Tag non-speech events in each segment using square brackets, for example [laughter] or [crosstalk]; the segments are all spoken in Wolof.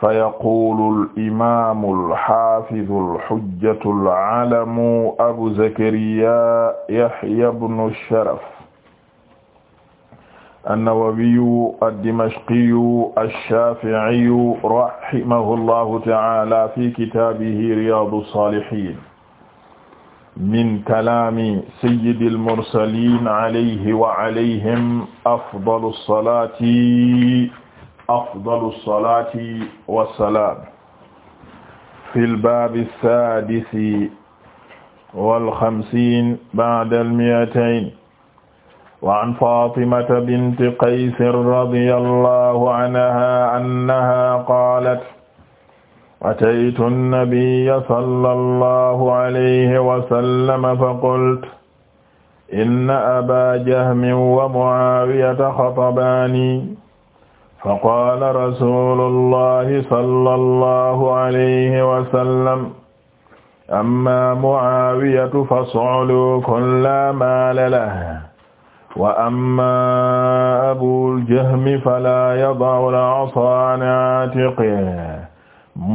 فيقول الإمام الحافظ الحجة العلم أبو زكريا يحيى بن الشرف النووي الدمشقي الشافعي رحمه الله تعالى في كتابه رياض الصالحين من كلام سيد المرسلين عليه وعليهم أفضل الصلاة afdalu salaati wa salaam fil baabi saadisi wal xamsiin ba'dal mi'atayn wa an Faatimata binti Qays radiyallahu anha annaha qaalat ataytu nabiyya sallallahu alayhi wa sallam fa qultu inna abaa jahmin wa mu'aawiyata xatabaani fa qaala rasulullahi sallallahu alayhi wa sallam amma mu'aawiyatu fa su'luukun laa maala lahu wa amma abul jahmi falaa yada'u al-'asaa 'an 'aatiqihi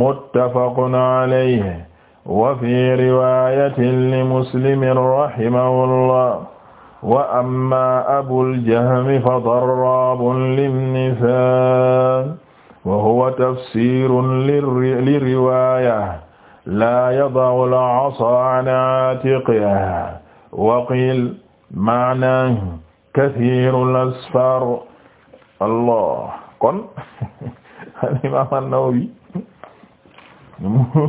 muttafaqun 'alayhi wa fii riwaayatin li muslimin rahimahullah wa amma abul jahmi fa darraabun linnisaan wa huwa tafsiirun li riwaaya laa yada'u al-asaa an aatiqihi wa qiila ma'naahu kasiirul asfar allah kon [laughs] al-imaam an-Nawawi [laughs]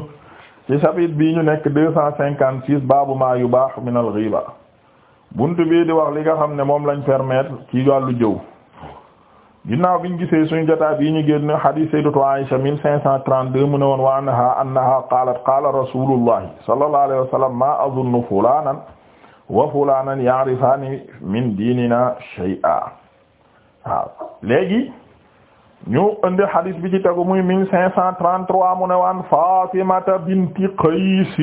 ci chapitre bi ñu nekk deux cent cinquante-six baabu maa yubaahu min al-ghiiba buntu bii wax li xam ne moom lañ permetre ci wàllu jëw ginnaaw biñ gisee suñu jotaay ñu génn hadith sayyidatu Aisha 1532 mu ne woon wa anha annaha qaalat qaala rasulullahi sallallahu alayhi ma azunnu fulanan wa fulanan ya'rifani min diinina shay'a waaw léegi ñu indi hadith bi ci tegu muy mu ne waan Fatimata binti Qays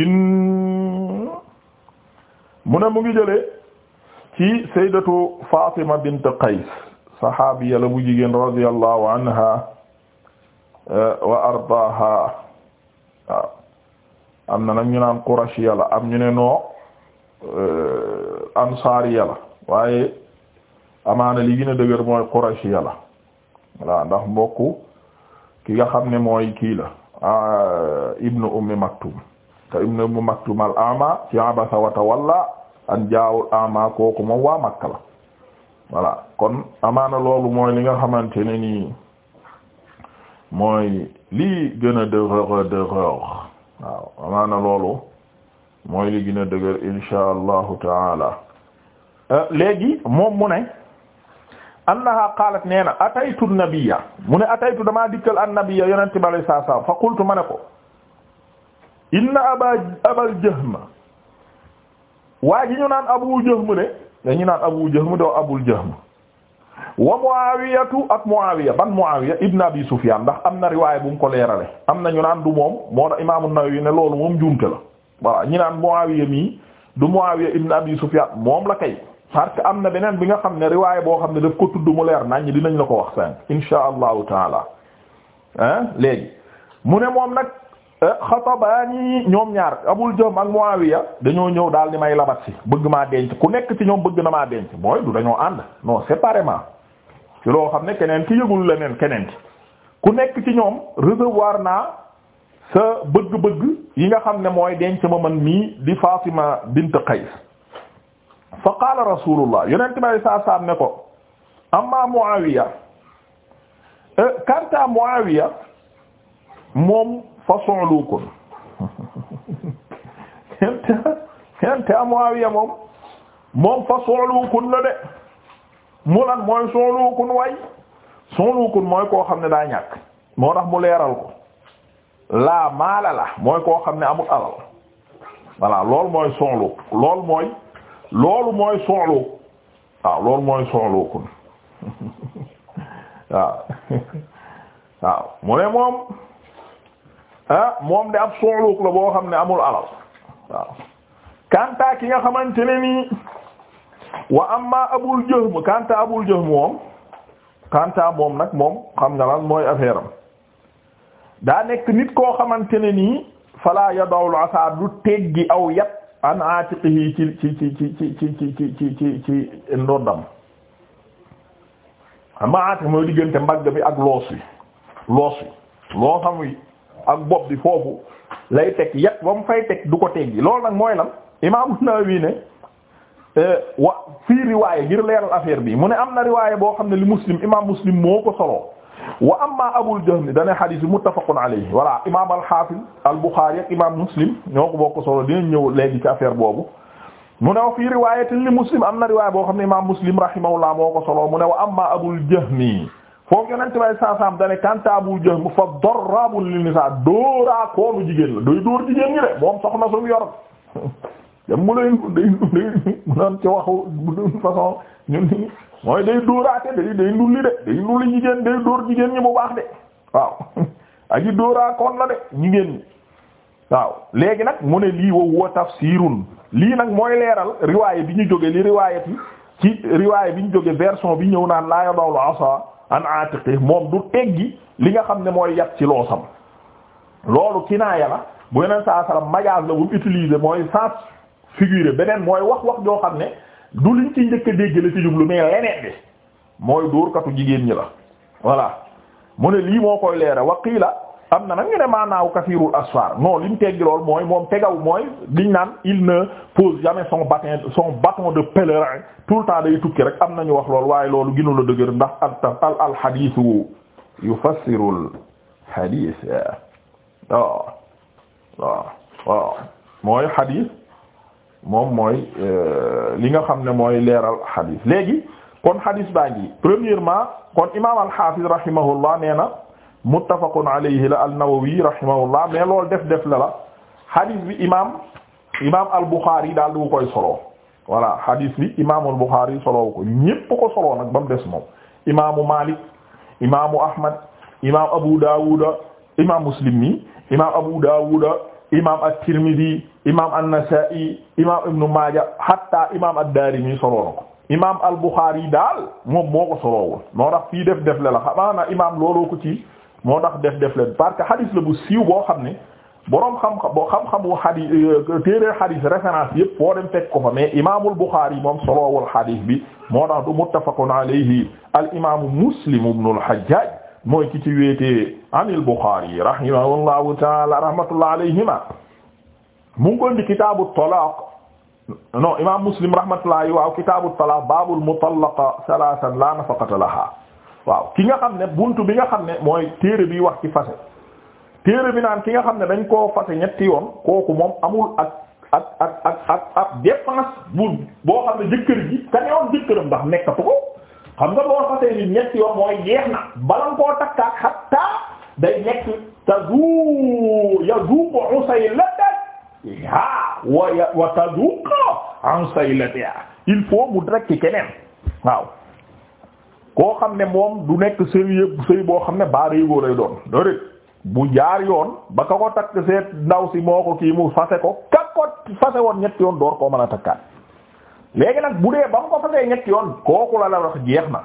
mu ne mu ngi jëlee ci sayyidatu Fatima bint Qays saxaabiya la bu jigéen radiyallahu anha eh, wa ardaaha am na nag ñu naan qurashiya la am ñu ne noo eh, ansaariya la waaye amaana li gën a dëgër mooy qurashiya la voilà ndax mbokku ki nga xam ne mooy kii la ah, ibnu ummi maktum te ibnu ummi maktum al ama ci abasa wa tawalla an jaawul ama kooku moom waa Makka la kon amaana loolu mooy li nga xamante ne nii mooy lii gën a dëgër dëgër waaw amaana loolu mooy li gën a dëgër insha taala euh, léegi moom mu ne annaha qaalat nee na ataytu nabiyya mu ne ataytu damaa dikkal an nabiyya yonente bi fa qultu ma ne ko inna aba abal jahm waa ji ñu naan Abu Jahm ne dañu naan Abu Jahm doo Abul Jahm wa Muawiyatu ak Muawiya ban Muawiya ibn Abi Sufyan ndax am na riwaay bu mu ko leerale am na ñu naan du moom moo tax Imaam An-Nawawi ne loolu moom juumte la voilà ñu naan Muawiya nii du Muawiya ibn Abi Sufyan moom la kay parce am na beneen bi nga xam ne riwaay boo xam ne daf ko tudd mu leer ñi dinañ la ko wax sànq insha allahu taala ah léegi mu ne moom nag Euh, xatabaani ñoom ñaar abul jom ak muawiya dañoo ñëw daal di may labat si bëgg maa denc ku nekk ci ñoom bëgg na maa denc mooy du dañoo ànd non séparément ci loo xam ne keneen ki yëgul leneen keneen ki ku nekk ci ñoom recevoir naa sa bëgg-bëgg yi nga xam ne mooy denc ma man mii di Fatima bint Qays fa qaala rasulullah yonent may saa saam ne ko amma muawiya kanta euh, muawiya moom façonluukon ente Muawiya moom moom fa sonluukun la de mu lan mooy sonluukun way sonluukun mooy koo xam ne daa ñàkk moo tax mu leeral ko laa maala la mooy koo xam ne amul alal voilà loolu mooy sonluuk loolu mooy loolu mooy sonluuk waaw loolu mooy sonluukun [laughs] waaw [laughs] waaw mu ne moom ah moom de ab suuluuk la boo xam ne amul alal waaw kanta ki nga xamante ne nii wa amma abul jahm abul jahm moom kanta moom nag moom xam nga lan mooy affaire am daa nekk nit koo xamante ne nii fala yadawul asa du teggi aw yat an atiqihi ci ci ci ci ci ci ci ci ci ci ci ndoddam mooy diggante mbagg bi ak loos wi loos wi loo xam wi ak bopp bi foofu lay tek yat ba mu fay teg du ko teggi loolu nag mooy lan imaamu Nawawi ne eh, wa fii riwaayé ngir leeral affaire bi mu ne am na riwaayé boo xam ne li muslim imaam muslim moo ko solo wa amma Abul Jahmi dana xadiis bi muttafaqun alayhi voilà imaam al-Hafiz al-Bukhari ak imaam muslim ñoo ko bokk solo dinañ ñëw léegi ci affaire boobu. mu ne wa fii riwaayatin li muslim am na riwaayé boo xam ne imaam muslim rahimahullah moo ko solo mu ne wa amma Abul Jahmi foofu yonent bay saasaam dane kanta Abu Jahm fa darrabun lin nisaa dóoraa jigéen la doy dóor jigéen ñi de moom soxna sumu yor jam [laughs] mu lay day mu noon ci waxu d'une façon ñun ni mooy day dóoraate day day de day jigéen day ñi bu baax de waaw [laughs] aji dóoraa koon de jigéen waaw léegi nag mu ne lii wow wa tafsirun lii nag mooy leeral riwaayé bi ñu jóge li riwaayat yi ci riwaayé bi ñu jóge version bi ñëw naan laa yo dawlu an atiqi moom du teggi li nga xam ne mooy yat ci loosam loolu kinaaya la bu yeneen saa salaam majaas la bu mu utiliser mooy sens figuré beneen mooy wax wax joo xam ne du liñ ci njëkk a dégg ci jublu mais leneen bi mooy dóorkatu jigéen ñi la voilà mu ne lii moo koy leera waqila am na nag ñu ne maanaaw kasirul asfar non li mu teggi lool mooy moom tegaw mooy liñ naan il na pose jamais son bâton son bâton de pèlerin tout le temps day tukki rek am nañu wax lool waaye loolu gënu la dëgër ndax al al hadithu yufassirul hadith waaw waaw waaw mooy hadith moom mooy euh, li nga xam ne mooy leeral hadith léegi kon hadith baa ngi premièrement kon imaam al-Hafiz rahimahullah nee na. muttafaqun alayhi la an-Nawawi rahimahullah mais loolu def def la la hadith bi imaam imaam al-Bukhari daal du koy solo voilà hadith bi imaamul Bukhari solowu ko ñépp ko solo nag ba mu des moom imaamu Malik imaamu Ahmad imaam Abu Dawud imaam Muslim mi imaam Abu Dawud imaam at-Tirmidhi imaam an-Nasa'i imaam Ibn Maaja hatta imaam ad-Daarimi solo na ko imaam al-Bukhari daal moom moo ko solowul moo tax fii def def la la xamaa na imaam looloo ko ci. moo tax def def leen parce que xadis la bu siiw boo xam ne boroom xam-xam boo xam-xamu xadis euh, téere xadis référence yëpp foo dem teg ko fa mais imaamul Buxaari moom solowul xadis bi moo tax du muttafaqun alayhi al imaamu Muslim ibnul Hajjaaj mooy ki ci wéetee anil Buxaari rahimahullahu taala rahmatullah alayhima mu ngi ko indi kitaabu talaaq non imaam Muslim rahmatullahi waaw kitaabu talaaq baabul mutallaqa salaasan laa nafaqata lahaa waaw ki nga xam ne buntu bi nga xam ne mooy téere bi wax ci fase téere bi naan ki nga xam ne dañ koo fase ñetti yoon kooku moom amul ak ak ak ak ak ak dépense bu boo xam ne jëkkër ji ka newoon jëkkëram ndax nekkatu ko xam nga boo fasee ni ñetti yoon mooy jeex na balan koo takkaat hatta day nekk taduu yaduqu usaylata yaa wa wa taduqu usaylata il faut mu direct keneen waaw koo xam ne moom du nekk sëriñ sëy boo xam ne baaree góor lay doon déedéet bu jaar yoon ba ka ko takk seet ndaw si moo ko kii mu fase ko ka ko fase woon ñetti yoon door koo mën a takkaat léegi nag bu dee ba mu ko fasee ñetti yoon kooku la la wax jeex na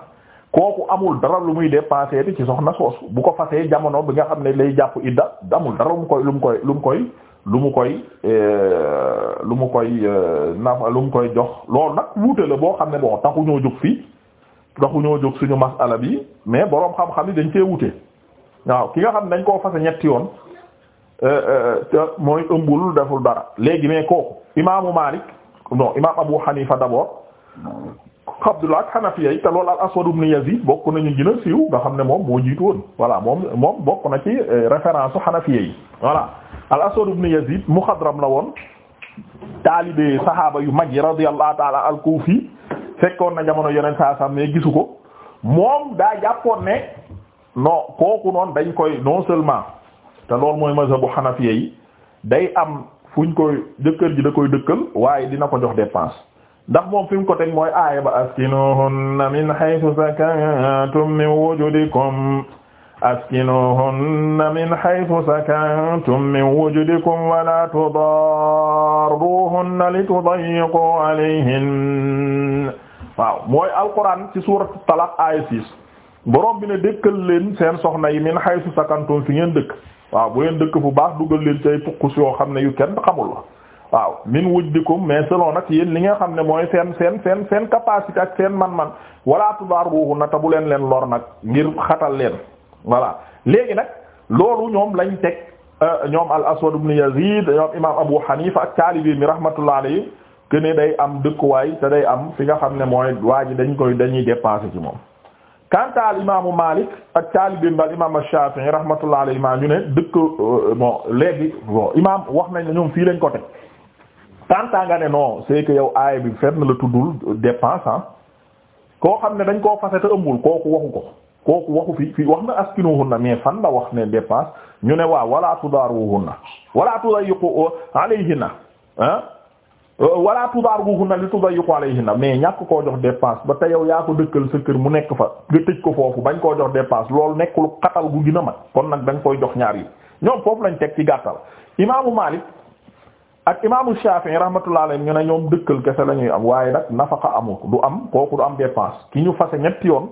kooku amul dara lu muy dépensé ci soxna soosu bu ko fasee jamono bi nga xam ne lay jàpp idda amul dara lu mu koy lu mu koy lu mu koy lu mu koy euh, lu mu koy euh, nafa lu mu koy jox loolu nag wuute la boo xam ne bon taxu ñoo jóg fii. waxu ñoo jóg suñu masala bi mais boroom xam-xam dañ cee wute xam ne dañ koo fase ñetti yoon euh, euh, te mooy ëmbul deful dara léegi mais kooku imaamu Malik non imaam Abu Hanifa d'abord Abdullah ak Hanafiya te loolu al Aswad ibn Yazid bokk nañu gën siiw nga xam ne moom moo jiitu woon voilà moom moom bokk na ci euh, référence su Hanafiya yi voilà al Aswad ibn Yazid muxadram la woon taalibe saxaaba yu mag yi radiyallahu ta'ala al-Kufi fekkoon na jamono yeneen saa sam gisu ko moom daa jàppoon ne non kooku noonu dañ koy non seulement te loolu mooy mazhabu hanafiya yi day am fuñ koy jëkkër ji da koy dëkkal waaye dina ko jox dépense ndax moom fi ko teg mooy aaya ba askinuhunna min haythu sakantum min wujudikum askinuhunna min haythu sakantum min wujudikum wala tudarruhunna litudayyiqu alayhin waaw mooy alquran ci suuratu talaq aaya six borom bi ne dëkkal leen seen soxna yi min haythu sakantum fi ngeen dëkk waaw bu leen dëkk fu baax dugal leen ci ay pukus yoo xam ne yu kenn xamul la waaw min wujdikum mais selon nag yéen li nga xam ne mooy seen seen seen seen capacité ak seen man-man wala tudarruhunna te bu leen leen lor nag ngir xatal leen voilà léegi nag loolu ñoom lañ teg euh, ñoom al aswad ibn yazid ñoom imam abu hanifa ak taalibi mi rahmatullah alayhi que ne day am dëkkuwaay te day am fi nga xam ne mooy waa ji dañ koy dañuy dépasser ci moom quant à imaamu Malik ak taalibim bal imam Shafi'i rahmatullah alayhi ma ñu ne dëkk euh, bon léegi bon wax nañ ne ñoom fii lañ ko teg quant à nga ne non c'est que yow aaya bi fenn la tuddul dépense koo xam ne dañ koo fase te ëmbul kooku waxu ko kooku waxu fi fii wax na askinuhunna mais fan la wax ne dépense ñu ne waaw wala tudaaruhunna wala tudayyiqu alayhinna ah Euh, wala tudaariguhunna li tudayyiqu alayhinna mais ñàkk koo jox dépense ba te yow yaa ko dëkkal sa kër mu nekk fa nga tëj ko foofu bañ koo jox dépense loolu nekkul xatal gu gën a mag kon nag dañ koy jox ñaar yi ñoom foofu lañ teg ci gàttal imaamu Maalik ak imaamu Shafi'i rahmatullahi alayhi ñu ne ñoom dëkkal kese la ñuy am waaye nag nafaqa amul du am kooku am dépense ki ñu fase ñetti yoon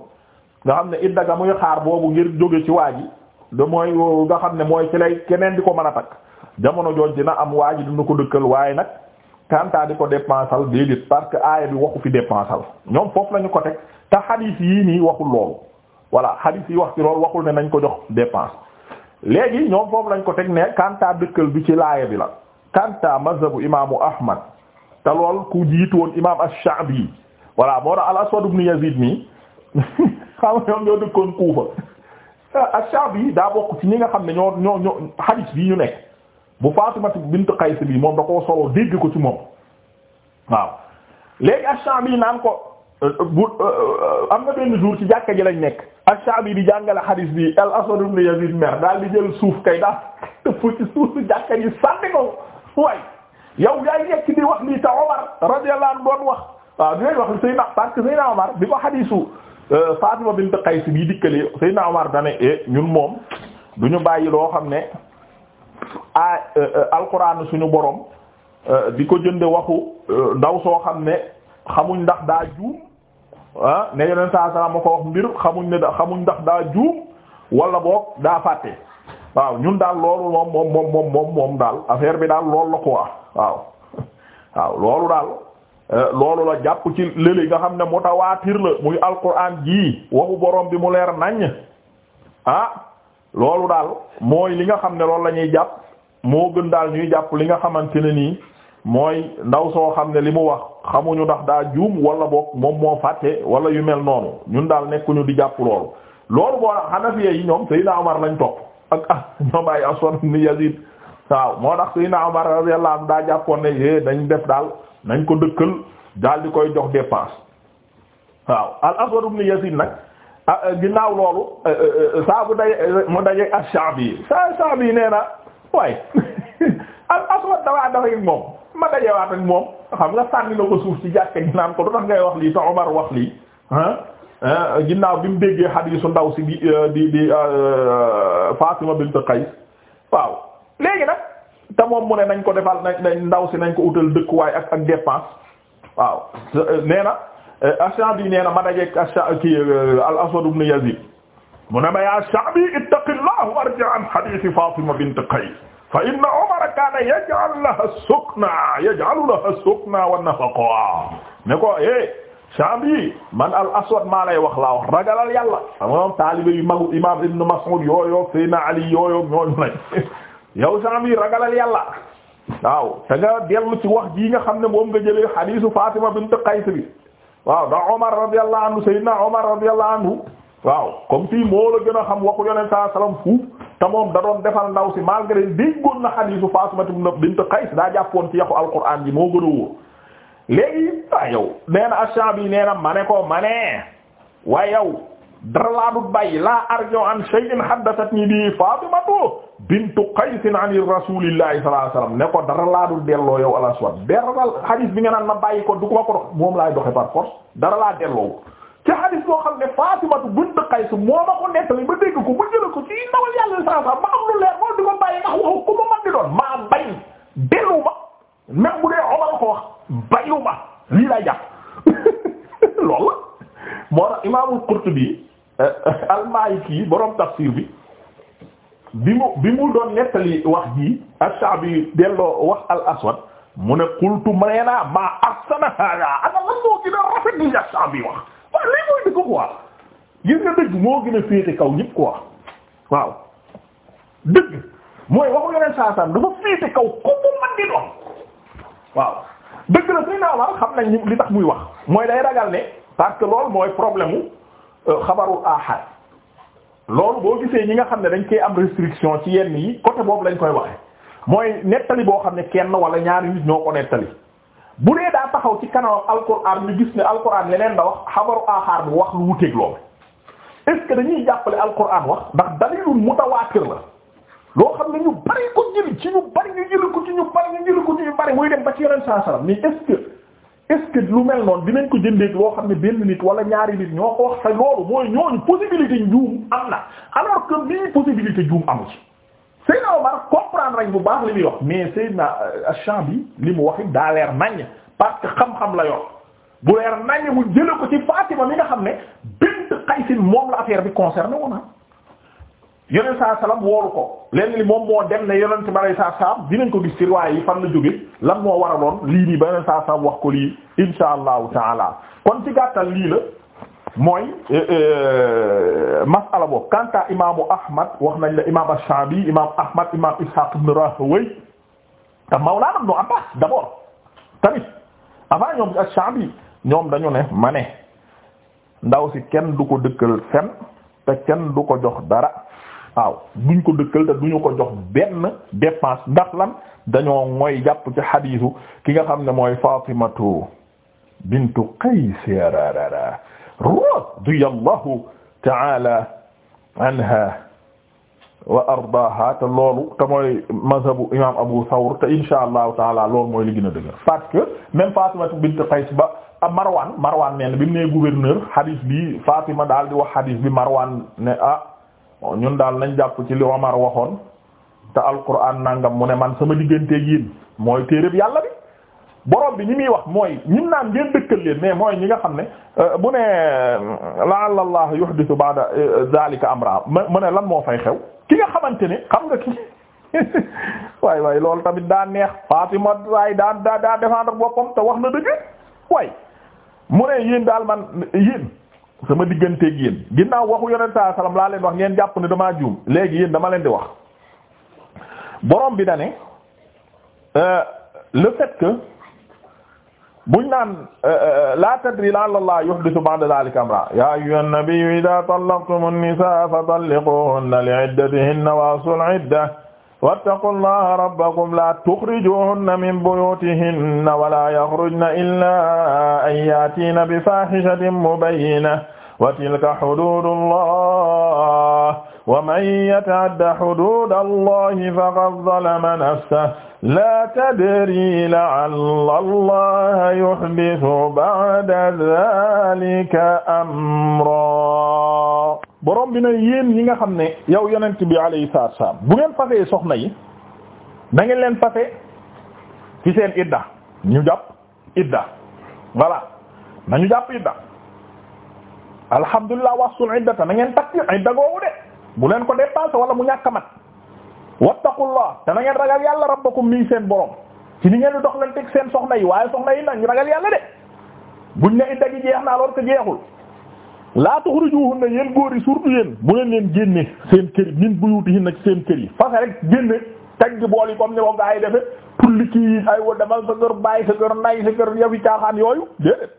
nga xam ne idda ga muy xaar boobu ngir jóge ci waa ji da mooy nga xam ne mooy ci lay keneen di ko mën a takk jamono jooj dina am waa ji dina ko dëkkal waaye nag kanta di ko dépensal déedéet parce que aaya bi waxu fi dépensal ñoom foofu lañu ko teg te xadiis yii nii waxul loolu voilà xadiis yi wax ci loolu waxul ne nañ ko jox dépense léegi ñoom foofu lañ ko teg ne kanta dëkkal bi ci laaya bi la kanta mazhabu imaamu ahmad te lool ku jiitu woon imaam ash-Sha'bi voilà moo tax al-Aswad ibn Yazid nii [laughs] xam nga ñoom ñoo dëkkoon Kuufa ash-Sha'bi daa bokk ci ñi nga xam ne ñoo ñoo xadiis bii ñu nekk bu Faatimatu bint Qays bi moom da koo soloo dégg ko ci moom waaw léegi ash naan ko euh, euh, bu euh, am na benn jour ci jàkka ji lañ nekk Ash-Sha'bi di jàngale hadith bi al-Aswad ibn Yazid mer daal di jël suuf kay daal tëpp ci suufu jàkka ji sànni ko waay yow yaay nekk di wax lii ta Omar radiyallahu anhu doon wax waaw di wax Seydina parce que Seydina Omar bi ko hadiisu Faatima bint Qays bi dikkalee Seydina Omar dane eh, ñun moom ñu bàyyi loo xam ne a euh, euh, alquran suñu borom euh, di ko jënde waxu ndaw soo xam ne xamuñ ndax daa juum ah ne yeneen saa salaam ma ko wax mbir xamuñ ne da ndax daa juum wala boog daa fàtte waaw ñun daal loolu moom moom moom moom moom daal affaire bi daal loolu la ko waaw [laughs] waaw loolu daal loolu la jàpp ci lëli nga xam ne mutawaatir la muy alquran jii waxu borom bi mu leer naññ ah. loolu daal mooy li nga xam ne loolu la ñuy jàpp moo gën daal ñuy jàpp li nga xamante ne nii mooy ndaw soo xam ne li mu wax xamuñu ndax daa juum wala boog moom moo fàtte wala yu mel noonu ñun daal nekkuñu di jàpp loolu loolu boo tax Hanafiya yi ñoom Seydina Omar lañ topp ak ah ñoom ay Aswad ibn Yazid waaw moo tax Seydina Omar radiyallahu anhu daa jàppoon ne é eh dañ def daal nañ ko dëkkal daal di koy jox dépense waaw al Aswad ibn Yazid nag Ah, eh, ginnaaw loolu eh, eh, saa bu daje mu daje ash-Sha'bi saa Sha'bi nee na waaye [laughs] al-Aswad dawaa dafay moom ma dajewaat ak moom xam nga sànni na ko suuf ci jàkka ñu ko du tax ngay wax lii te Omar wax lii ginnaaw bi mu déggee hadiisu ndaw si di di di Fatima bint Qays waaw léegi nag te moom mu ne nañ ko defal nañ ndaw si nañ ko utal dëkkuwaay ak ak dépense waaw nee Euh, Ash-Sha'bi nee na ma dajeeg Ash-Sha'bi euh, al-Aswad ibn Yazid mu ne ma yaa Sha'bi ittaqillah warji' an hadith Fatima bint Qays fa inna Umara kana yaj'al laha sukna yaj'alu laha sukna wa nafaqa ne ko eh Sha'bi man al-Aswad maa lay wax laa wax ragalal yàlla xam nga moom taalibe yu magu imam Ibn Mas'ud yooyo Seydina Ali yooyo ñooñu lañ [laughs] yow Sha'bi ragalal yàlla waaw te nga dellu ci wax jii nga xam ne moom nga jëlee hadiisu Fatima bint Qays bi waaw da Omar radiyallahu anhu Seydina Omar radiyallahu anhu waaw comme fii moo la gën a xam waxu yonent salaam fuuf te da doon defal ndaw si malgré déggoon na xadiisu Faasuma bint Qays daa jàppoon ci yaxu alquran bi moo gën a wóor léegi ah yow nee na ash ko ma ne dara laa dut bàyyi laa arju an shay'in haddathatni bi Faatumatu bintu Qays an rasulillahi ne ko dara laa dul delloo yow al Aswad beral hadith bi nga naan ma bàyyi ko du ko ma moom laay doxe par dara laa delloo ci hadith boo xam ne Fatimatu bint Qays moo ma ko nettali ba dégg ko ba jëlee ko ci ndawal yàlla sallallahu alayhi ma am lu leer moom di bàyyi ndax waxu ma man doon maa bañ dellu ma même bu dee Omar ko wax bayu ma lii laa jàpp [laughs] loolu moo tax Imaamul Qurtubi euh, al-Maliki borom tafsir bi. bi mu bi mu doon nettali wax ji ash-Sha'bi delloo wax al mu ne qultu maena ma ahsana hada ana lan moo gën rafet li ash-Sha'bi wax waaw lii mooy dëgg quoi gis nga dëgg moo gën a féete kaw ñëpp quoi waaw dëgg mooy waxu yeneen saasam dafa féete kaw ku man di doon waaw dëgg la suy naa war xam nañ li tax muy wax mooy day ragal ne parce que loolu mooy problème u euh, xabarul ahad loolu boo gisee ñi nga xam ne dañ koy am restriction ci yenn yi côté boobu lañ koy waxee mooy nettali boo xam ne kenn wala ñaari nit ñoo ko nettali bu dee daa taxaw ci kanam alquran mu gis ne alquran leneen da wax xabaru aaxaar bu wax lu wuteeg loolu est-ce que dañuy jàppale alquran wax ndax dalilul mutawaatir la loo xam ne ñu bari ko jëli ci ñu bari ñu jëli ko ci ñu bari ñu jëli ko ci ñu bari muy dem ba ci yeneen saa salaam ni est est-ce que lu mel noonu dinañ ko jëndee loo xam ne benn nit wala ñaari nit ñoo ko wax te loolu mooy ñooñu possibilité njuum am na alors que bii possibilité njuum amu ci Seydina Omar comprendre nañ bu baax li muy wax mais Seydina euh, Ash-Shabi li mu wax daaleer leer parce que xam-xam la yoon bu leer naññ mu jële ko ci Fatima mi nga xam ne bint Qays moom la affaire bi concerné woon ah. yonent saa salaam wooru ko lenn li moom moo dem ne yonent bi alay saa dinañ ko gis ci riwaay yi fan la jóge lan moo waraloon lii nii ba yonent saa wax ko lii insha allahu taala kon ci gàttal lii la mooy eh, eh, masala boobu kanta imaamu ahmad wax nañ la imaam ash-Shaabi imaam ahmad imaam ishaq ibn Rahawayh te mawlaana ibn Abbaas d'abord tamit avant ñoom ash ñoom dañu ne ma ne ndaw si kenn du ko dëkkal fenn te kenn du ko jox dara waaw duñ ko dëkkal te duñu ko jox benn dépense ndax dañoo mooy jàpp ci xadiisu ki nga xam ne mooy Fatimatu bintu Qays rarara radiyallahu ta'ala anha wa ardaha te loolu te mooy mazhabu imam Abu Thawr te insha allahu taala loolu mooy li gën a que même Fatimatu bintu Qays ba Marwan Marwan nee bi mu nee gouverneur xadiis bi Fatima daal di wax xadiis bi Marwan ne ah ñun daal nañ jàpp ci li Omar waxoon te alquran nangam mu ne man sama digganteeg yéen mooy téereb yàlla bi borom bi ñi muy wax mooy ñim naan ngeen dëkkal leen mais mooy ñi nga xam ne euh, bu ne euh, laala allah yuhdithu ba'da euh, zalika amra mu ne lan moo fay xew ki nga xamante ne xam nga ki [laughs] waaye waay loolu tamit daa neex Fatima waay daa daa daa défendre boppam te wax na dëgg waay mu ne yéen daal man yéen sama digganteeg yéen ginnaaw waxu yonent saa salaam laa leen wax ngeen jàpp ne damaa juum léegi yéen dama leen di wax borom bi da ne euh, le fait que buñ naan euh, euh, la tadri la Allah yuhdithu ba'da dhalika amra ya ayyuhan nabiyyu idha tallaqtumun nisaa fa talliquhunna li'iddatihinna wa asul iddah wattaqullaha rabbakum la tukhrijuhunna min buyutihinna wala yakhrujna illa an ya'tina bi fahishatin mubayyinatin wa tilka hududullah wa man yata'adda hududallahi faqad zalama nafsahu la tadri la'alla allaha yuhdithu ba'da dhalika amra borom bi na yéen yi nga xam ne yow yonent bi alayhi salaatu salaam bu ngeen fasee soxna yi na leen fase ci seen idda ñu jàpp idda voilà nañu jàpp idda alhamdulilah wasul iddata na ngeen takk idda googu de bu leen ko dépassé wala mu ñàkk a mat wattaqullah te na ngeen ragal yàlla rabbakum mi seen borom ci ni ngeen di dox leen teg seen soxna yi waaye soxna yi nañ ragal yàlla de buñ ne idda gi jeex na alors que jeexul laa tuxrujuhunna yéen góor yi surtout yéen bu leen leen génne seen kër yi min buyutihinna ci seen kër yi fase rek génne teg gi bool yi comme ni ko gaa yi defe tulli kii ay wa demal sa kër bàyyi sa kër nay sa kër yafi caaxaan yooyu déedéet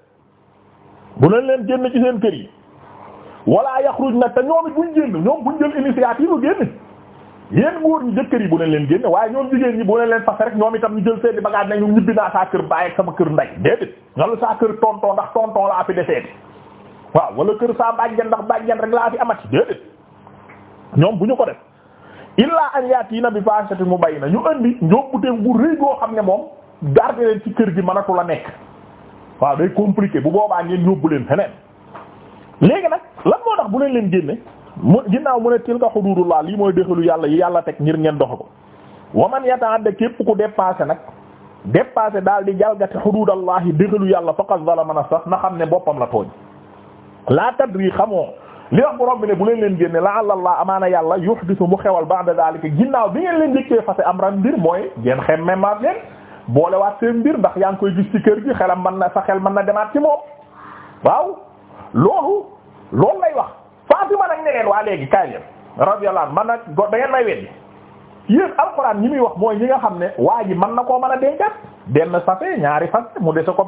bu leen leen génne ci seen kër yi wala yaxrujna te ñoom it buñ génn ñoom buñ jël initiative génn yéen góor ñi yi bu leen leen génne waaye ñi bu leen leen fase ñoom itam ñu jël seen i bagage na ñu ñibbi naa saa kër bàyyi saa kër tonton ndax tonton laa fi defeeti waaw wala kër saa bàjjan ndax bàjjan rek laa fi amati déedéet ñoom bu ñu ko def illaa an yatiina bi fahishatin na ñu andi njóobuteef bu rëy goo xam ne moom garde leen ci kër gi mënatu la nekk waaw day compliqué bu boobaa ngeen yóbbu leen feneen léegi nag lan moo tax bu leen leen génne mu ginnaaw mu ne tilka hududullah lii mooy dexalu yàlla yi yàlla teg ngir ngeen doxe ko waman yata'adda képp ku dépassé nag dépassé daal di jalgati hududallahi dexalu yàlla faqad zalama nafsahu na xam ne boppam la tooñ la tadri xamoo li wax borom bi ne bu leen leen génne amaan a yàlla yuhdisu mu xewal ba'da daalika ginnaaw bi ngeen leen njëkkee fase amran mbir mooy ngeen xemme maat leen boolewaat seen mbir ndax yaa ngi koy gis ci kër gi xelam man na sa xel man na demaat ci moom waaw loolu loolu lay wax Fatima nag ne leen waa léegi kaay leen radiyallahu anha man nag da ngeen may weddi yéen alxuraan ñi muy wax mooy ñi nga xam ne waa ji man na koo mën a dencat benn safee ñaari fase ko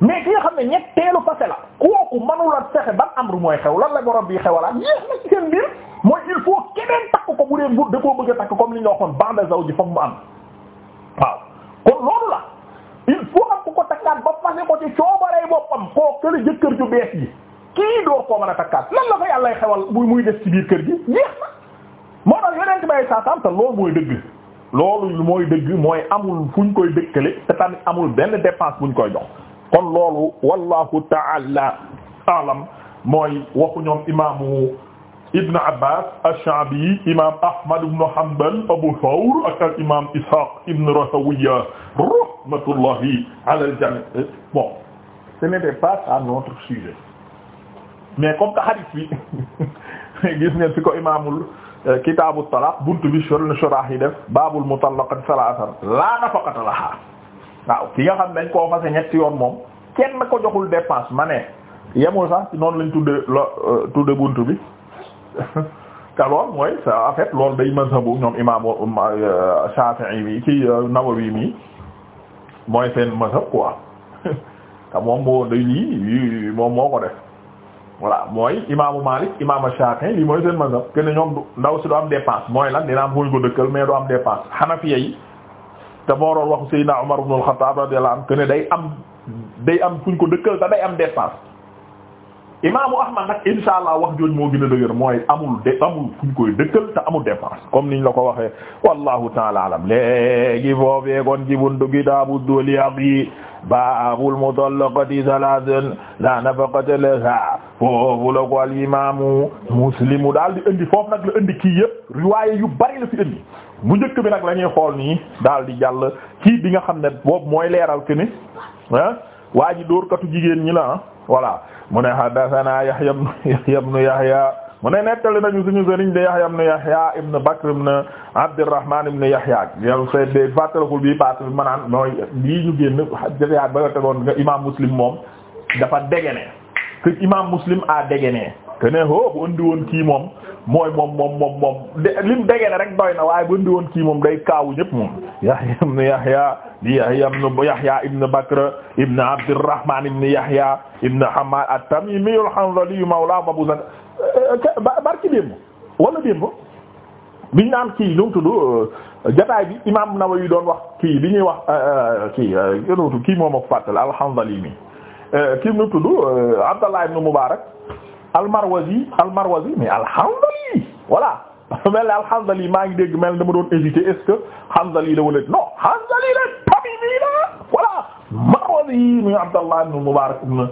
mais ki nga xam ne ñetteelu fase la kooku manula fexe ban amru mooy xew lan la borom bi xewalaat yéex na ci seen mbir mooy il faut keneen takk ko bu dee bu da koo bëgg a takk comme li nga waxoon banda zaw ji foog mu am waaw kon loolu la il faut am ku ko takkaat ba fase ko ci coobaree boppam koo kële jëkkër ju bees ji kii door koo mën a takkaat lan la fa yàllay xewal muy muy des ci biir kër gi yéex na moo tax yonent bay saa sam te loolu mooy dëgg loolu mooy dëgg mooy amul fu ñu koy dëkkale te tamit amul benn dépense bu ñu koy jox kon loolu wallahu ta'ala a'lam mooy waxu ñoom imaamu Ibn Abbas ash-Sha'bi imaam Ahmad ibn Hanbal Abu Thawr ak al Ishaq ibn Rahawayh rahmatullahi ala al-jami' euh, bon ce n'était pas ça notre sujet mais comme que hadith bi [laughs] gis ngeen fi ko imaamul euh, kitaabu talaq buntu bi shurh shurah yi def baabul mutallaqat salaatan laa nafaqata lahaa waaw ki nga xam dañ koo fase ñetti yoon moom kenn ko joxul dépense ma ne yemul sax noonu lañ tudde lo euh, tudde buntu bi [laughs] te lool mooy sa en fait loolu day mazhabu ñoom imam euh, euh, Shafi'i bi ci Nawawi mi mooy seen mazhab quoi [laughs] te moom moo day lii moom moo ko def voilà mooy imaamu Malik imaamu Shafi'i lii mooy seen mazhab kenn ñoom ndaw si du am dépense mooy lan dina am fuñ ko dëkkal mais du am dépense Hanafiya yi te moo doon wax Seydina Umar ibn al-Khattab radiyallahu anhu que day am day ko dëkkal te day am dépense imaamu Ahmad nag insha allah wax jooju moo gën a dëgër mooy amul de amul fuñ koy dëkkal te amul dépense comme niñ la ko waxee wallahu taala alam léegi foofee kon ci buntu kitaabu doliaqi baabul mutallaqati salaatan la nafaqata laha foofu la al imaamu Muslim daal di indi foofu nag la indi kii yëpp yu bari la fi indi bu njëkk bi nag la ñuy xool nii daal di jàll kii bi nga xam ne boobu mooy leeral ke ni ah waa ji dóorkatu jigéen ñi la ah voilà mu ne haddathana Yahya ibn Yahya ibn Yahya mu ne nettali nañu suñu ibn Yahya ibn Bakr ibn Abdurrahman ibn Yahya yow Seydou de fàttalikul bii bi ma naan mooy lii ñu génn jafe-jafe ba nga tegoon nga imaam Muslim moom dafa dégg ne que imaam Muslim a dégg ne que ne oh bu andi woon kii moom. mooy moom moom moom moom lim degene rek doy na waaye bu woon kii moom day kaawu ñëpp moom Yahya ibn Yahya di Yahya ibn Yahya ibn Bakr ibn Abdurrahman ibn Yahya ibn Hammad at-Tamimi al-Hanzali mawla Abu Zar barki démb wala démb biñ naan kii lu mu tudd bi imaam Nawawi doon wax kii bi ñuy wax kii yéen kii moom ak fàttali al-Hanzali mi kii mu tudd Abdallah ibn Mubarak al-Marwazi al-Marwazi mais al-Hanzali voilà [laughs] al-Hanzali maa ngi dégg mel dama doon hésiter est-ce que Hanzali la wala la Tamimi la voilà Marwazi muy Abdallah ibn Mubarak ibn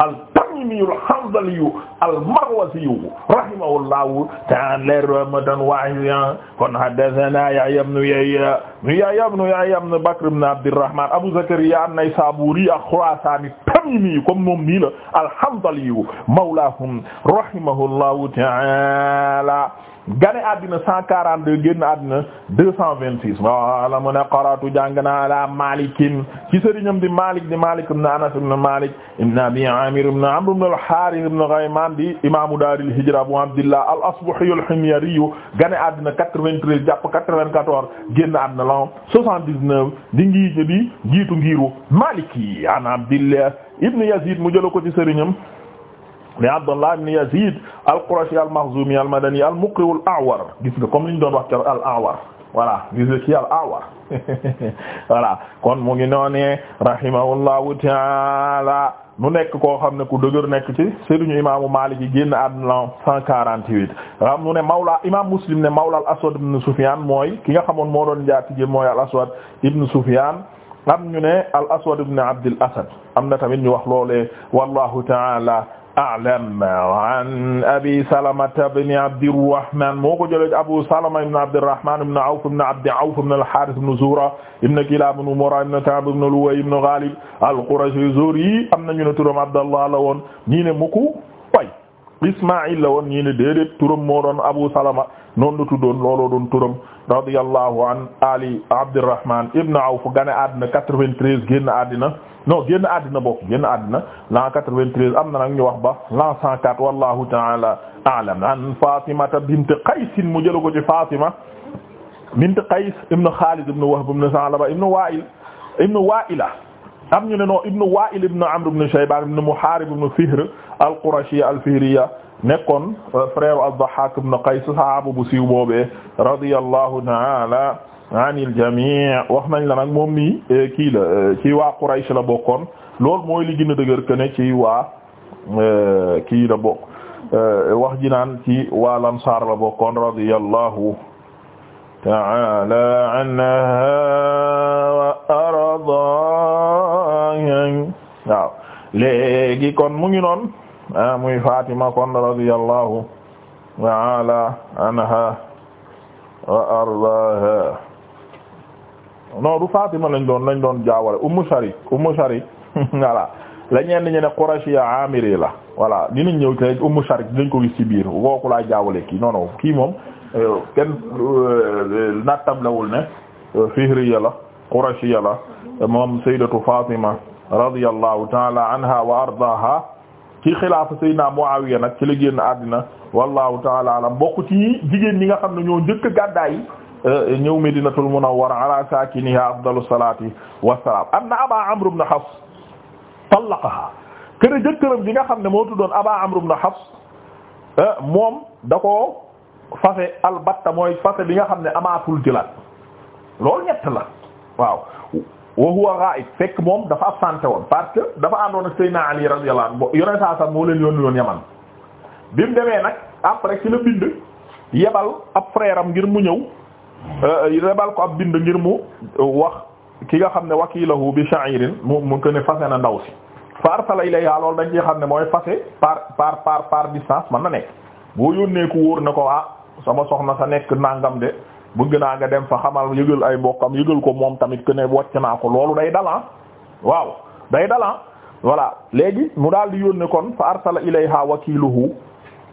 al-Tamimi al-Hanzali al-Marwazi rahimahullahu ta'ala rahmatan wasi'a ah. kon haddathana Yahya ibn Yahya Yahya ibn Yahya ibn Bakr ibn Abdirrahman Abu Zakariya an-Naysaburi al-Khurasani at-Tamimi comme moom nii la al-Hanzali mawlahum rahimahullahu ta'ala gane addina 142 génn addina 226 wala mu ne qaratu jàng naa ala malikin ci sëriñam di Malik di Malik ibn Anas ibn Malik ibn Abi Amir ibn Amr ibn al-Harith ibn Ghayman di imamu dar al-hijra Abu Abdillah al-Asbahi al-Himyari gane addina 93 jàpp 94 génn addina l'an 79 di ngi di jiitu ngiru Maliki an Abdillah ibn Yazid mu jëla ko ci sëriñam mais Abdullah ibn Yazid al-Qurashi al-Makhzumi al-Madani al-Muqri al-A'war gis nga comme li ñu doon wax ca al-A'war voilà gis nga ci al-A'war [laughs] voilà kon mu ngi noonee rahimahullahu ta'ala nu nekk koo xam ne ku dëgër nekk ci sëriñu imaamu Maalik yi génn àdduna 148 am mu ne mawla imaam Muslim ne mawla al Aswad ibn Sufyaan mooy ki nga xamoon moo doon njaatige mooy al Aswad ibn Sufyaan am ñu ne al Aswad ibn Abdil Asad am na tamit ñu wax loolee wallahu ta'ala A'lam an Abi Salamata bni Abdirrahman moo ko jëlee Abu Salama ibn Abdirrahman ibn Awf ibn Abdi Awf ibn al-Harith ibn Zuhra ibn Kilab ibn Murra ibn Ka'b ibn Luway ibn Ghalib al-Qurashi Zuhri yi am nañu ne turam Abdallah la woon ñii ne muku Ismaïl la woon ñii ne déedéet turam moo doon Abu Salama noonu la tuddoon looloo doon turam radiyallahu an Ali Abdurrahman ibn Awf gane àddina 93 génn àddina non génn àddina bokk génn àddina l'an 93 am na nag ñu wax ba l'an 104 wallahu ta'ala a'lam an Fatimata bint Qays mu jël ko ci Fatima bint Qays ibn Khalid ibn Wahb ibn Sa'laba ibn Wa'il ibn Wa'ila am ñu ne non ibnu Wa'il ibnu Amr ibnu Shaybaan ibnu Muhaarib ibnu Fihr al-Qurashi al-Fihriya nekkoon euh, frère ad-Dahhaak ibnu Qays sahaaba bu siiw boobee radiyallahu ta'ala anil jamii wax nañ la nag moom nii euh, kii la euh, ci waa Quraysh la bokkoon loolu mooy li gën a dëgër que ne ci waa kii la bokk wax ji naan ci waa Ansaar la bokkoon radiyallahu ta'ala anha wa arda waaw léegi kon mu ngi noon ah, muy Fatima kon radiyallahu ta'ala anha wa ardaha non du Fatima lañ doon lañ doon jaawale Ummu Sharik Ummu Sharik [laughs] voilà la ñenn ñi ne Amiri la voilà dinañ ñëw te Ummu Sharik dinañ ko gis ci biir wooku laa jaawale kii non non kii moom euh, kenn euh, nattablewul ne euh, Fihriya la Qurashiyya la moom Sayyidatu Fatima radiyallahu taala anha wa ardaha ci xilaafa sayyidina Muawiya nag ci la génn àddina wallahu taala alam bokk ci jigéen ñi nga xam ne ñoo njëkk gàddaay euh, ñëw Madinatul Munawwara ala saakiniha afdalu salaati wassalaam anna Aba Amr ibn Hafs tallaqaha kër jëkkëram ji nga xam ne moo tuddoon Aba Amr ibn Hafs euh, moom da ko fase albatta mooy fase bi nga xam ne amaatul jëlaat loolu ñett la waaw wa huwa ghaib fekk moom dafa absenté woon parce que dafa àndoon ak Seydina Ali radiyallahu anhu yoneen saa sax moo leen yónni woon Yaman bi mu demee nag après ci la bind yebal ab frère ngir mu ñëw euh, yebal ko ab bind ngir mu wax ki nga xam ne wakilahu bi sha'irin mu mu ko ne fase na ndaw si fa arsala ilayha loolu dañ ci xam ne mooy fase par par par par distance man na nekk boo yónnee ku wóor na ko ah sama na sa nekk nangam de bëgg naa nga dem fa xamal yëgal ay mbokkam yëgal ko moom tamit que ne wàcc naa ko loolu day dalan ah. waaw day dalan ah. voilà léegi mu daal di yónnee kon fa arsala ilayha wakiluhu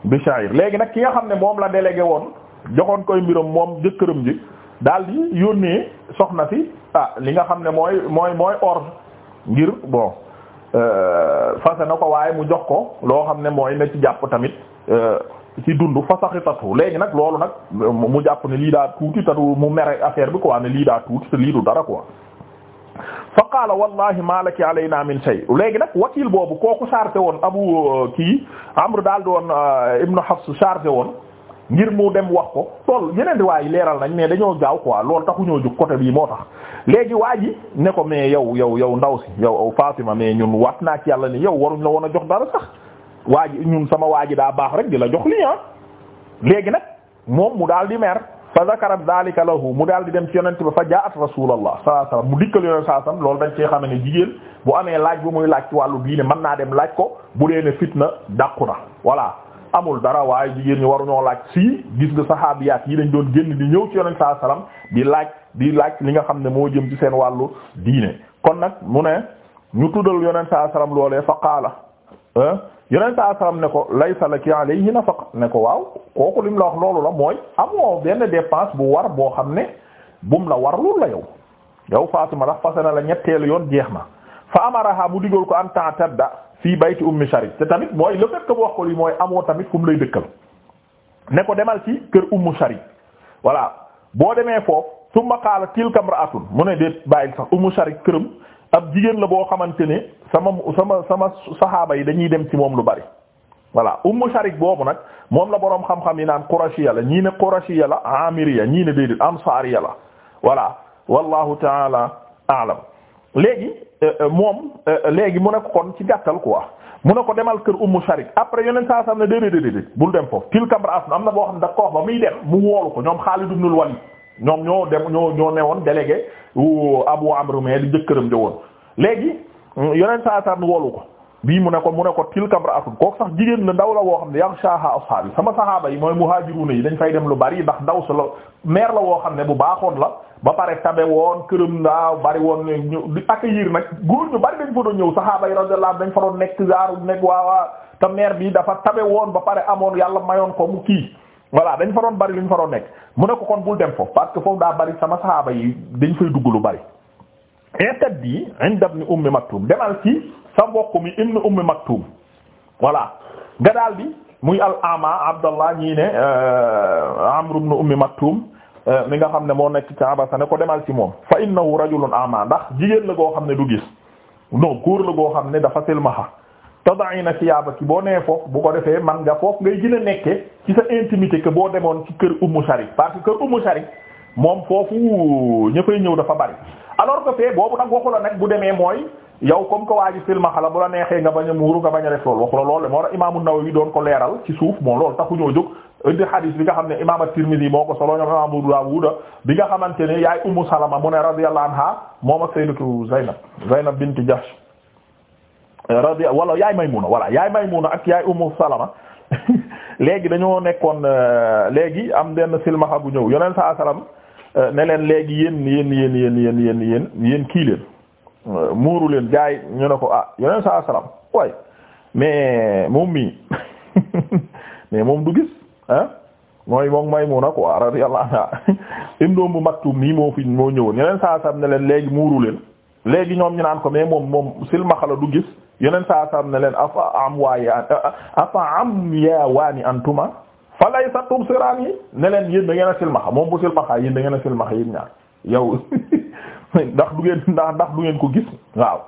bi sha'ir léegi nag ki nga xam ne moom la délégué woon joxoon koy mbiram moom jëkkëram ji daal di yónnee soxna si ah li nga xam ne mooy mooy mooy ordre ngir bon euh, fase na ko waaye mu jox ko loo xam ne mooy na ci jàpp tamit euh, ci dund fa saxitatu léegi nag loolu nag mu jàpp ne lii daa tuuti tatu mu mere affaire bi quoi ne lii daa tuuti te lii du dara quoi fa qaala wallahi ma laki alayna min shay léegi nag wakil boobu kooku chargé woon abu uh, kii amru daal di woon uh, ibnu Hafs chargé woon ngir mu dem wax ko loolu yeneen di waaye leeral nañ mais dañoo gaaw quoi loolu taxuñoo jóg côté bii moo tax léegi waa ji ne ko mais yow yow yow ndaw si yow Fatima mais ñun waat naa ci yàlla ni yow waruñ la woon a jox dara waa ji ñun sama waa ji daa baax rek di la jox lii ah léegi nag moom mu daal di mer fa zakarat zalika lahu mu daal di dem ci yonent ba fa jaat rasulullah sallallahu alayhi wasallam mu dikkal yonent sallallahu alayhi wasallam loolu dañ cee xame ne jigéen bu amee laaj bu muy laaj ci wàllu diine mën naa dem laaj ko bu dee ne fitna dàqu na voilà amul dara waaye jigéen ñi waruñoo laaj sii gis nga saxaabiyaat yi dañ doon génn di ñëw ci yonent sallallahu alayhi wasallam di laaj di laaj li nga xam ne moo jëm ci seen wàllu diine kon nag mu ne ñu tuddal yonent sallallahu alayhi wasallam loolee fa qaala yeneen saa salaam ne ko laysa laki na nafaqa ne ko waaw kooku lim la wax loolu la mooy amoo benn dépense bu war boo xam ne bum la war loolu la yow yow Fatima ndax fase la ñetteelu yoon jeex na fa amaraha mu digal ko an ta'tadda fii bayti ummi Sharik te tamit mooy le fait bu wax ko lii mooy amoo tamit fu mu lay dëkkal ne ko demal ci kër ummu Sharik voilà boo demee foofu summa qaala tilka imra'atun mu ne déet bàyyil sax ummu Sharik këram. ab jigéen la boo xamante ne sama sama sama saxaaba yi dañuy dem ci moom lu bari voilà ummu sharik boobu nag moom la boroom xam-xam yi naan qurashiya la ñii ne qurashiya la amiriya ñii ne déedéet ansariya la voilà wallahu taala aalam léegi euh, euh, moom euh, léegi mu ne ko kon ci gàttal quoi mu ne ko demal kër um sharik après yeneen saa sam ne déedéet déedéet bul dem foofu tilka imra'atun am na boo xam ne da ko wax ba muy dem mu woolu ko ñoom Xaalid ibnul Waliid ñoom ñoo dem ñoo ñoo newoon délégué Abu Amr mais di jëkkëram ja woon léegi yoneen saa saan wolu ko bii mu ne ko mu ne ko tilka imra'atun kooku sax jigéen la ndaw la woo xam ne yaghshaaha ashaabi sama sahaaba yi mooy muhaajiruuna yi dañ fay dem lu bari ndax ndaw sa la meer la woo xam ne bu baaxoon la ba pare tabe woon këram daa bari woon ñu di accueillir nag góor ñu bari dañ fa doon ñëw sahaaba yi radiyallahu dañ fa doon nekk gaaru nekk waawaa ta meer bi dafa tabe woon ba pare amoon yàlla mayoon ko kii voilà dañ fa doon bari lu ñu fa doon nekk mu ne ko kon bul dem foofu parce que foofu daa bari sama saxaaba yi dañ fay dugg lu bari intad yi inda ibn ummi maktum demal mbokk mi ibn ummi maktum voilà nga daal muy al ama abdallah ñii ne euh, amru ibn ummi maktum euh, mi nga xam ne moo nekk ci abasa ne ko demal ci moom fa innahu rajulun ama ndax jigéen la goo xam ne du gis non góor la goo xam ne dafa silmaxa tadaina siyaabaki boo nee foofu bu ko defee man nga foofu ngay gën nekke ci sa intimité que boo demoon ci kër Ummu Sharik parce que kër Ummu Sharik moom foofu ña fay ñëw dafa bari alors que fee boobu nag waxu la nag bu demee mooy yow comme que waa ji filma xala bu la neexee nga bañ a muuru nga bañ a def loolu waxu la loolu moo tax Imaamu Nawawi doon ko leeral ci suuf bon loolu taxu ñoo jóg indi hadis bi nga xam ne Imaam At-Tirmidhi moo ko solo ñoom Imaam Abu Dawud bi nga xamante ne yaay Ummu Salama mu ne radiyallahu anha moom ak Sayyidatu Zaynab Zaynab bint radi wala yaay Maymuna voilà yaay Maymuna ak yaay Ummu Salama [laughs] léegi dañoo nekkoon euh, léegi am benn silmaxa bu ñëw yoneen saa salaam euh, ne leen léegi yéen yéen yéen yéen yéen yéen yéen yéen kii leen euh, muuru leen jaay ñu ne ko ah yoneen saa salaam waaye mais moom mii [laughs] mais moom du gis ah mooy moom Maymuna quoi radiyallahu anha [laughs] ibnu Ummu Maktum nii moo fi moo ñëwoon yoneen saa salaam ne leen léegi muuru leen. léegi ñoom ñu naan ko mais moom moom silmaxa la du gis yeneen saa saam ne leen afa am waay afa am yaa waani antuma fa laysa tubsiraan yi ne leen yéen da ngeen a silmaxa moom bu silmaxa yéen da ngeen a silmaxa yéen ñaar yow [laughs] ndax du ngeen ndax ndax du ngeen ko gis waaw